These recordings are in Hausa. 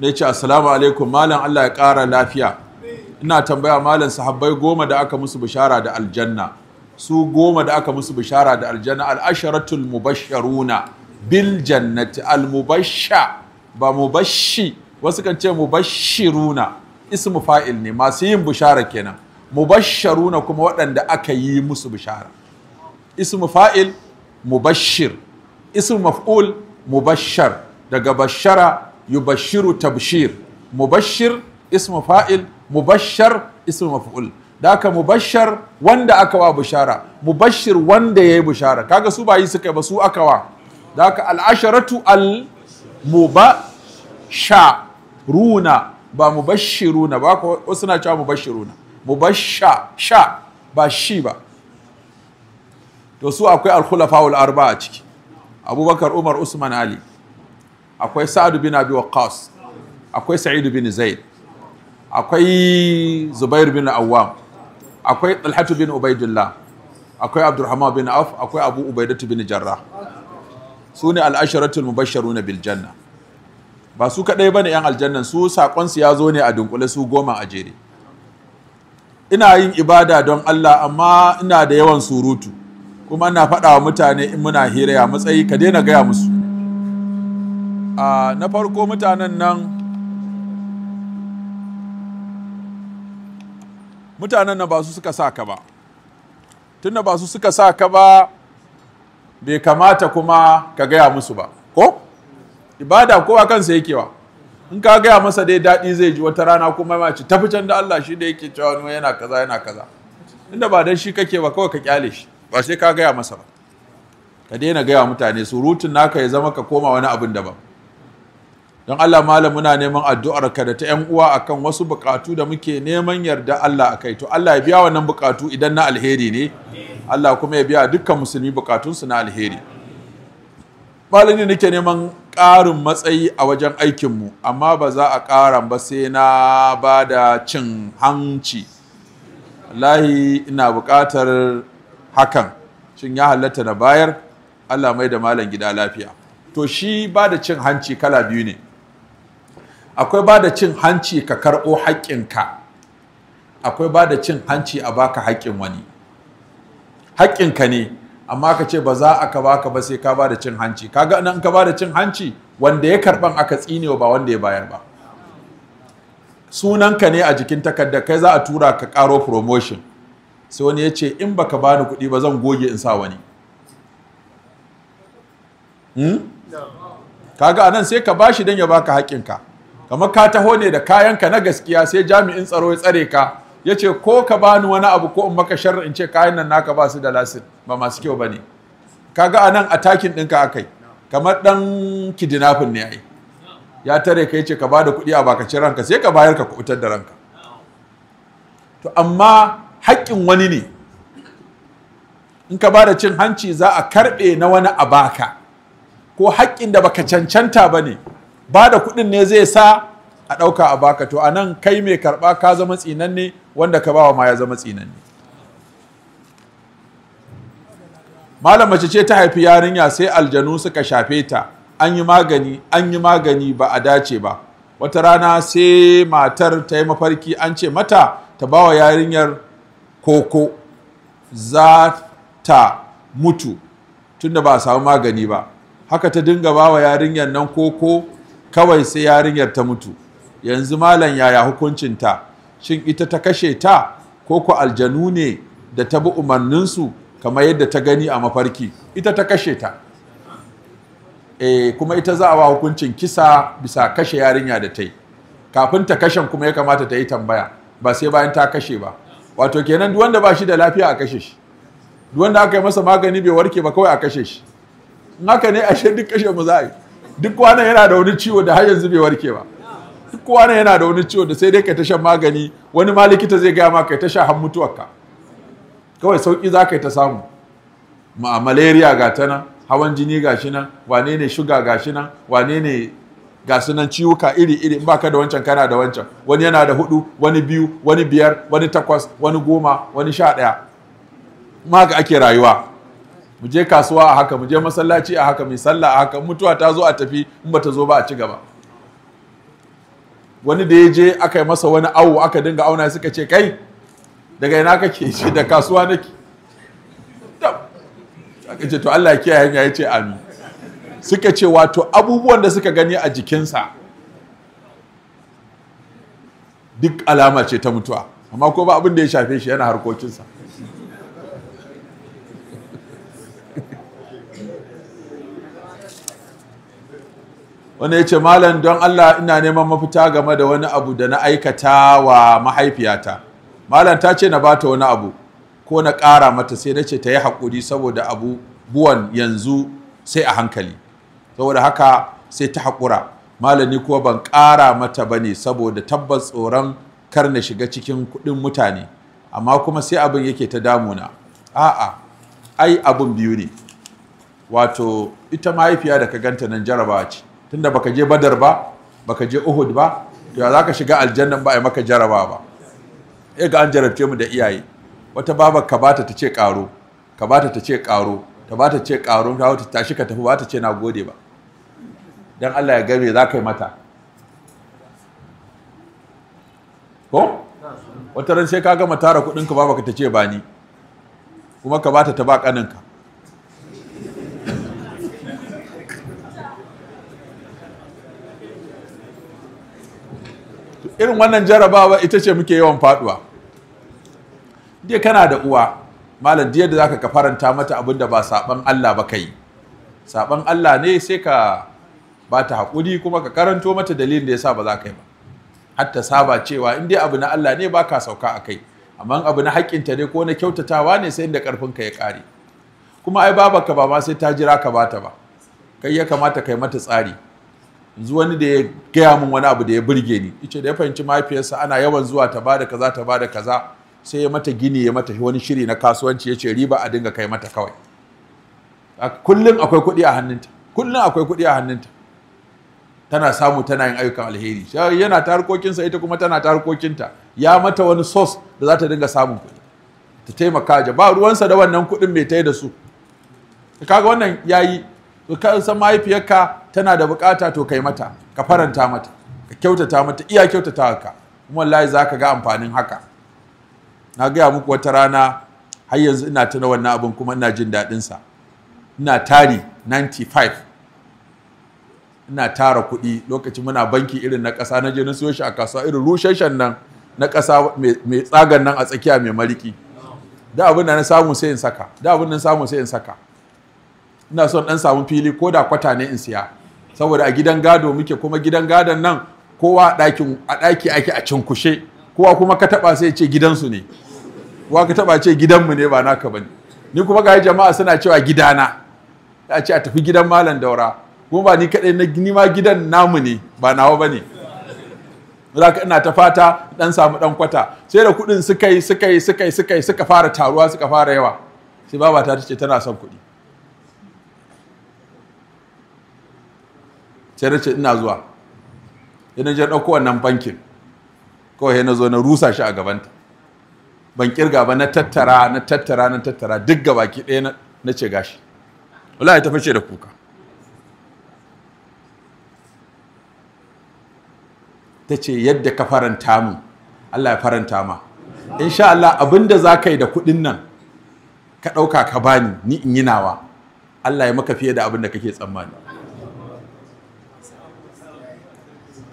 ne ce assalamu alaikum malam Allah ya ƙara lafiya ina tambaya malam sahabbai goma da aka musu bishara da aljanna su goma da aka musu bishara da aljanna al'asharatul mubasharuna bil jannati al mubashsha ba mubashi wasu kan ce mubashiruna ismu fa'il ne masu yin bishara kenan mubasharuna kuma waɗanda aka yi musu bishara ismu fa'il mubashir ismu maf'ul mubashar daga bashara yubashiru tabshir mubashir ismu fa'il mubashar ismu maf'ul da aka mubashar wanda aka wa bushara mubashir wanda ya yi bushara kaga su ba yi suka ba su aka wa da aka al'asharatu al mubasha runa ba mubashiruna ba wasu na cewa mubashiruna mubasha sha ba shi ba to su akwai al-khulafa arba a ciki abubakar umar usman ali akwai sa'adu bin abi waqas akwai sa'idu bin zaid akwai zubair bin awwam akwai talhatu bin ubaidillah akwai abdurrahman bin Af akwai abu ubaidatu bin jarrah su ne al'asharatul mubashsharuna bil janna ba su kadai bane yan aljanna su sakon su ya zo ne a dunkule su goma a jere ina yin ibada don Allah amma ina da yawan surutu kuma ina faɗa wa mutane in muna hira ya matsayi ka daina gaya musu a na farko mutanen nan mutanen nan ba su suka sa ka ba tunda ba su suka sa ka ba bai kamata kuma ka gaya musu ba ko ibada kowa kansa yake wa in ka gaya masa dai daɗi zai ji wata rana kuma ma ci tafi can da Allah shi da yake cewa no yana kaza yana kaza inda ba dan shi kake ba kawai ka kyale shi ba sai ka gaya masa ba ka daina gaya mutane surutun naka ya zama ka koma wani abin daban don Allah malam muna neman addu'ar ka da ta yan uwa akan wasu bukatu da muke neman yarda Allah akai to Allah ya biya wannan bukatu idan na alheri ne Allah kuma ya biya dukkan musulmi su na alheri malami nake neman ƙarin matsayi a wajen aikinmu amma ba za a ƙaran ba sai na ba da cin hanci wallahi ina buƙatar hakan shin ya halatta na bayar allah mai da malam gida lafiya to shi ba da cin hanci kala biyu ne akwai ba da cin hanci ka karɓo haƙƙinka akwai ba da cin hanci a baka haƙƙin wani haƙƙinka ne amma ka ce ba za a ka baka ba sai ka ba da cin hanci kaga nan ka ba da cin hanci wanda ya karɓan aka tsinewa ba wanda ya bayar ba sunanka ne a jikin takardar kai za a tura ka karo promotion sai wani ya ce in baka bani kuɗi ba zan goge in sa wani hmm? kaga anan sai ka ba shi don ya baka haƙƙinka kamar ka taho ne da kayanka na gaskiya sai jami'in tsaro ya tsare ka ya ce ko ka bani wani abu ko in maka sharri in ce kayan nan naka ba su da lasin ba masu kyau ba ne kaga a takin atakin ɗinka akai kamar ɗan kidinafin ne ai ya tare ka ya ce ka ba da kuɗi a bakacin ranka sai ka bayar ka kubutar da ranka to amma haƙƙin wani ne in ka ba da cin hanci za a karɓe na wani a baka ko haƙƙin da baka cancanta ba ne ba da kuɗin ne zai sa a ɗauka a baka to a nan kai mai karɓa ka zama tsinanne wanda ka bawa ma ya zama tsinanne malam mace ce ta haifi yarinya sai aljanu suka shafe ta an yi magani an yi magani ba a dace ba wata rana sai matar ta yi mafarki an ce mata ta bawa yarinyar koko za ta mutu tunda ba a samu magani ba haka ta dinga bawa yarinyar nan koko kawai sai yarinyar ta mutu yanzu malam yaya hukuncinta shin ita ta kashe ta ko ku aljanu ne da ta bi umarninsu kamar yadda ta gani a mafarki ita ta kashe ta e, kuma ita za a ba hukuncin kisa bisa kashe yarinya da ta yi kafin ta kashen kuma ya kamata ta yi tambaya ba sai bayan ta kashe ba wato kenan duk wanda ba shi da lafiya a kashe shi duk wanda aka yi masa magani bai warke ba kawai a kashe shi in haka ne ashe duk kashe mu za a yi duk kwanan yana da wani ciwo da har yanzu bai warke ba duk kwanan yana da wani ciwo da sai dai ka ta shan magani wani ma likita zai gaya maka ta sha har ka. kawai sauki za ka ta samu ma malaria ga ta nan hawan jini ga shi nan wane ne shuga ga shi nan wane ne ga su ciwuka iri iri in baka da wancan kana da wancan wani yana da hudu wani biyu wani biyar wani takwas wani goma wani sha ɗaya ma ga ake rayuwa mu je kasuwa a haka mu je masallaci a haka mai sallah a haka mutuwa ta zo a tafi in bata zo ba a ci gaba wani da ya je aka yi masa wani awo aka dinga auna suka ce kai daga ina kake ce da kasuwa nake aka ce to Allah ya kiyaye hanya ya ce amin suka ce wato abubuwan da suka gani a jikinsa duk alama ce ta mutuwa amma ko ba abin da ya shafe shi yana harkokinsa wani ya ce malam don Allah ina neman mafita game da wani abu da na aikata wa mahaifiyata malam ta ce na bata wani abu ko na ƙara mata sai na ce ta yi haƙuri saboda abu buwan yanzu sai a hankali saboda haka sai ta haƙura malami kuwa ban ƙara mata ba ne saboda tabbas tsoron kar na shiga cikin kuɗin mutane amma kuma sai abin yake ta damuna a'a ai abin biyu ne wato ita mahaifiya da ka ganta nan jarabawa ce tunda baka je badar ba baka je uhud ba to ya zaka shiga aljannan ba ai maka jaraba ba eh ga an jarabce mu da iyaye wata baba ka bata ta ce karo ka bata ta ce karo ta bata ce karo ta wata tashi ka tafi ba ta ce na gode ba dan Allah ya gane zaka yi mata ko wata ran sai ka gama tara kudin ka baba ka ta ce ba ni kuma ka bata ta ba kaninka irin wannan jarabawa ita ce muke yawan faduwa dai kana da uwa malam da zaka ka faranta mata abin da ba saban Allah ba kai saban Allah ne sai ka ba ta hakuri kuma ka karanto mata dalilin da yasa ba za ka yi ba hatta saba cewa in dai abu na Allah ne ba ka sauka a kai amma abu na haƙƙinta ne ko na kyautatawa ne sai inda ƙarfinka ya kare. kuma ai babanka ba ma sai ta jira ka bata ba kai ya kamata kai mata tsari yanzu wani da ya gaya min wani abu da ya burge ni ice da ya fahimci mahaifiyarsa ana yawan zuwa ta bada kaza ta bada kaza sai ya mata gini ya mata wani shiri na kasuwanci ya ce riba a dinga kai mata kawai kullum akwai kuɗi a hannunta kullum akwai kuɗi a hannunta tana samu tana yin ayyukan alheri yana ta harkokinsa ita kuma tana ta harkokinta ya mata wani sos da za ta dinga samun kuɗi ta taimaka ja ba ruwansa da wannan kuɗin mai tai da su kaga wannan yayi yi san mahaifiyarka tana da bukata to kai mata ka faranta mata ka kyautata mata iya kyautata haka kuma wallahi ka ga amfanin haka na gaya muku wata rana har yanzu ina tuna wannan abin kuma ina jin daɗin sa ina tari 95 ina tara kuɗi lokacin muna banki irin na ƙasa na je na siyo shi a kasuwa irin rusheshen nan na ƙasa mai tsagan nan a tsakiya mai mariki da abin da na samu sai in saka da abin da na samu sai in saka ina son dan samu fili ko da kwata ne in siya saboda a gidan gado muke kuma gidan gadon nan kowa a ɗaki ake a cinkushe kowa kuma ka taɓa sai ce gidansu ne kowa ka taɓa ce gidanmu ne ba naka bane ni kuma ga jama'a suna cewa gidana ya ce a tafi gidan malam daura kuma ba ni kaɗai na ni ma gidan namu ne ba nawa ba ne. Zaka ina ta fata dan samu dan kwata sai da kuɗin suka yi suka yi suka yi suka fara taruwa suka fara yawa sai babata ta ce tana son kuɗi sai na ce ina zuwa idan je ɗauko wannan bankin kawai yana zo na rusa shi a gabanta ban kirga ba na tattara na tattara na tattara duk baki ɗaya na ce gashi wallahi ta fice da kuka ta ce yadda ka faranta min Allah ya faranta ma insha Allah abinda za ka yi da kuɗin nan ka ɗauka ka bani ni in yi nawa Allah ya maka fiye da abin da kake tsammani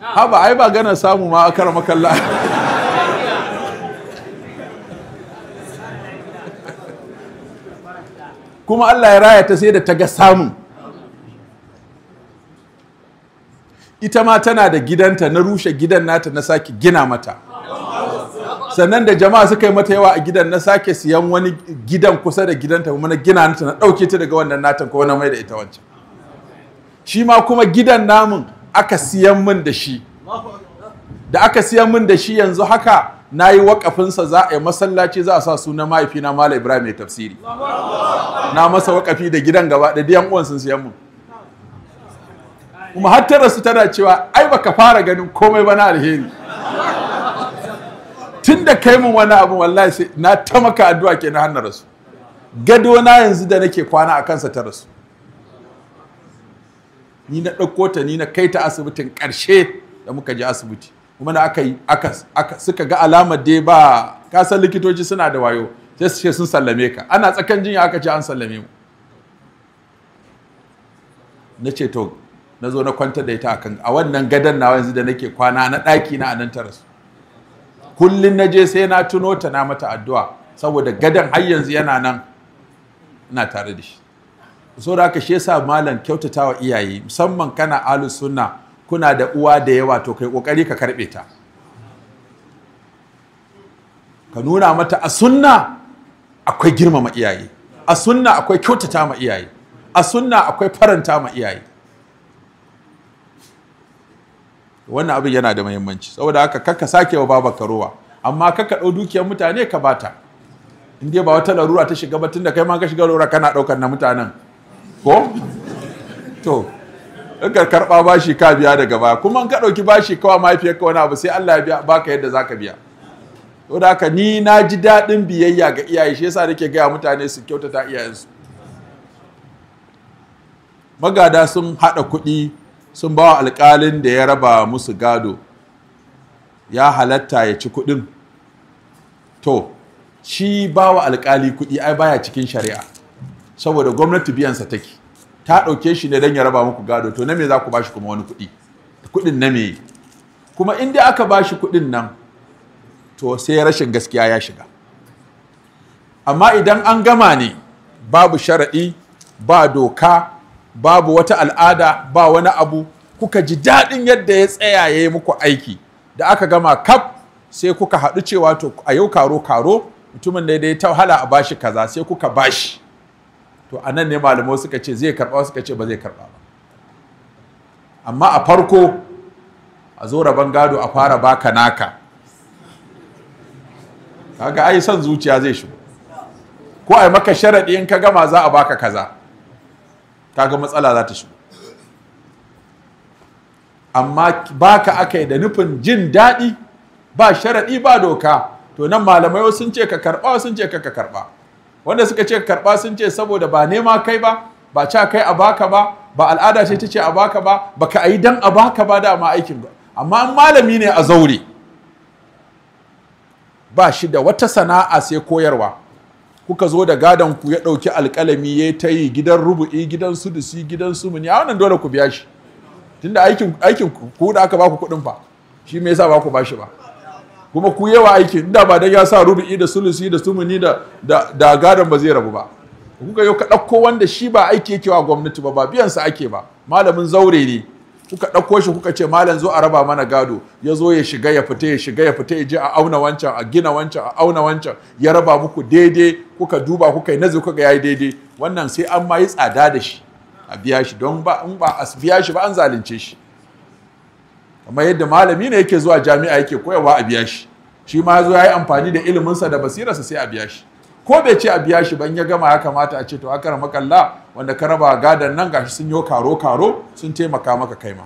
haba ai ba gana samu ma a kara makalla kuma Allah ya raya ta sai da ta ga samun ita ma tana da gidanta na rushe gidan nata na sake gina mata sannan da jama'a suka yi mata yawa a gidan na sake siyan wani gidan kusa da gidanta kuma na gina nata na ɗauke ta daga wannan natan ko wani mai da ita wancan shi ma kuma gidan namun aka siyan min da shi da aka siyan min da shi yanzu haka na yi wakafinsa za a yi masallaci za a sa sunan mahaifina Malam Ibrahim mai tafsiri na masa wakafi da gidan gaba da diyan uwan sun siyan mun kuma har ta rasu tana cewa ai baka fara ganin komai ba na alheri Tunda kai mun wani abu wallahi na ta maka addu'a ke na hannar rasu gado na yanzu da nake kwana a kansa ta rasu ni na ɗauko ta ni na kai ta asibitin ƙarshe da muka je asibiti kuma da aka yi aka suka ga alamar dai ba kasan likitoci suna da wayo sai su ce sun sallame ka ana tsakan jinya aka ce an sallame mu na ce to na zo na kwanta da ita kan a wannan gadon na yanzu da nake kwana na ɗaki na anan ta rasu kullum na je sai na tuno ta na mata addu'a saboda gadon har yanzu yana nan ina tare da shi so haka shi yasa malam wa iyaye musamman kana alu sunna kuna da uwa da yawa to kai kokari ka karbe ta ka nuna mata a sunna akwai girmama iyaye a sunna akwai kyautata ma iyaye a sunna akwai faranta ma iyaye wannan abin yana da muhimmanci saboda haka kakka sake wa baba karowa amma kakka ɗau dukiyar mutane ka bata in dai ba wata larura ta shiga ba tun da kai ma ka shiga larura kana ɗaukar na mutanen ko to in ka karɓa bashi ka biya daga baya kuma in ka ɗauki bashi kawa mahaifiyar ka wani abu sai Allah ya biya baka yadda zaka biya to da haka ni na ji daɗin biyayya ga iyaye shi yasa nake gaya mutane su kyautata iyayensu magada sun haɗa kuɗi sun bawa alƙalin da ya raba musu gado ya halatta ya ci kuɗin to shi bawa alƙali kuɗi ai baya cikin shari'a saboda gwamnati biyansa take ta ɗauke shi ne don ya raba muku gado to na me za ku bashi kuma wani kuɗi kuɗin na me kuma in dai aka bashi kuɗin nan to sai rashin gaskiya ya shiga amma idan an gama ne babu sharaɗi ba doka babu wata al'ada ba wani abu kuka ji daɗin yadda ya tsaya ya yi muku aiki da aka gama kaf sai kuka haɗu cewa to a yau karo karo mutumin da ya ta hala a bashi kaza sai kuka bashi to a nan ne malamai suka ce zai karɓa suka ce ba zai karɓa ba amma a farko a zo rabon gado a fara baka naka kaga ai son zuciya zai shigo ko ai maka sharaɗi in ka gama za a baka kaza kaga matsala za ta shigo amma baka aka yi da nufin jin daɗi ba sharaɗi ba doka to nan malamai sun ce ka karɓa sun ce ka karɓa wanda suka ce karɓa sun ce saboda ba nema kai ba ba ca kai a baka ba ba al'ada ce ta ce a baka ba baka yi dan a baka ba dama aikin ba amma malami ne a zaure ba shi da wata sana'a sai koyarwa kuka zo da gadon ku ya ɗauki alƙalami ya ta yi gidan rubu'i gidan sudusi gidan sumuni a wannan dole ku biya shi tunda aikin ku da aka baku kuɗin fa shi me yasa ba ku ba shi ba kuma ku yawa aiki da ba dan ya sa rubi'i da sulusi da sumuni da da gadon ba zai rabu ba kuka yau ka ɗauko wanda shi ba aiki yake wa gwamnati ba ba biyan biyansa ake ba malamin zaure ne kuka ɗauko shi kuka ce malam zo a raba mana gado ya zo ya shiga ya fita ya shiga ya fita ya je a auna wancan a gina wancan a auna wancan ya raba muku daidai kuka duba kuka yi nazi kuka yayi daidai wannan sai an ma yi tsada da shi a biya shi don ba in ba a biya shi ba an zalunce shi amma yadda malami ne yake zuwa jami'a yake koyawa a biya shi shi ma ya zo ya yi amfani da iliminsa da basirarsa sai a biya shi ko bai ce a biya shi ban ya gama ya kamata a ce to akara makalla wanda ka raba gadan nan gashi sun yi karo karo sun taimaka maka kai ma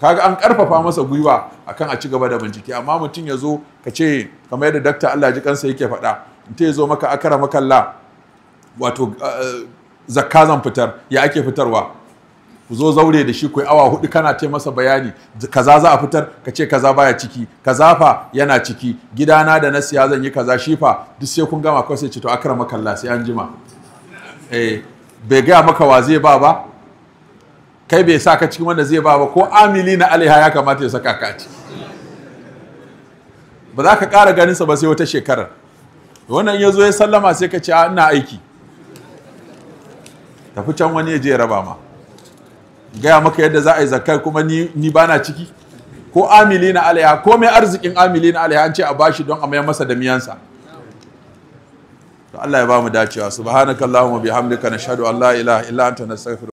kaga an karfafa masa gwiwa akan a ci gaba da bincike amma mutum ya zo ka ce kamar yadda dakta Allah ji kansa yake faɗa in ta zo maka akara makalla wato eh, zakka zan fitar ya ake fitarwa ku zo zaure da shi ku awa hudu kana taimasa masa bayani kaza za a fitar ka ce kaza baya ciki kaza fa yana ciki gidana da na siya zan yi kaza shi fa duk sai kun gama kawai sai ce to akrama kallah sai an jima eh bai gaya maka wa zai ba ba kai bai sa ka cikin wanda zai ba ba ko amili na alaiha ya kamata ya saka ka ci ba za ka ƙara ganin sa ba sai wata shekarar wannan ya zo ya sallama sai ka ce ina aiki tafi can wani ya je ya raba ma gaya maka yadda za a yi zakar kuma ni, ba na ciki ko amili na alaiha ko mai arzikin amili na alaiha an ce a bashi don a mayar masa da miyansa to Allah ya ba mu dacewa subhanakallahumma bihamdika nashhadu an la ilaha illa anta nastaghfiruka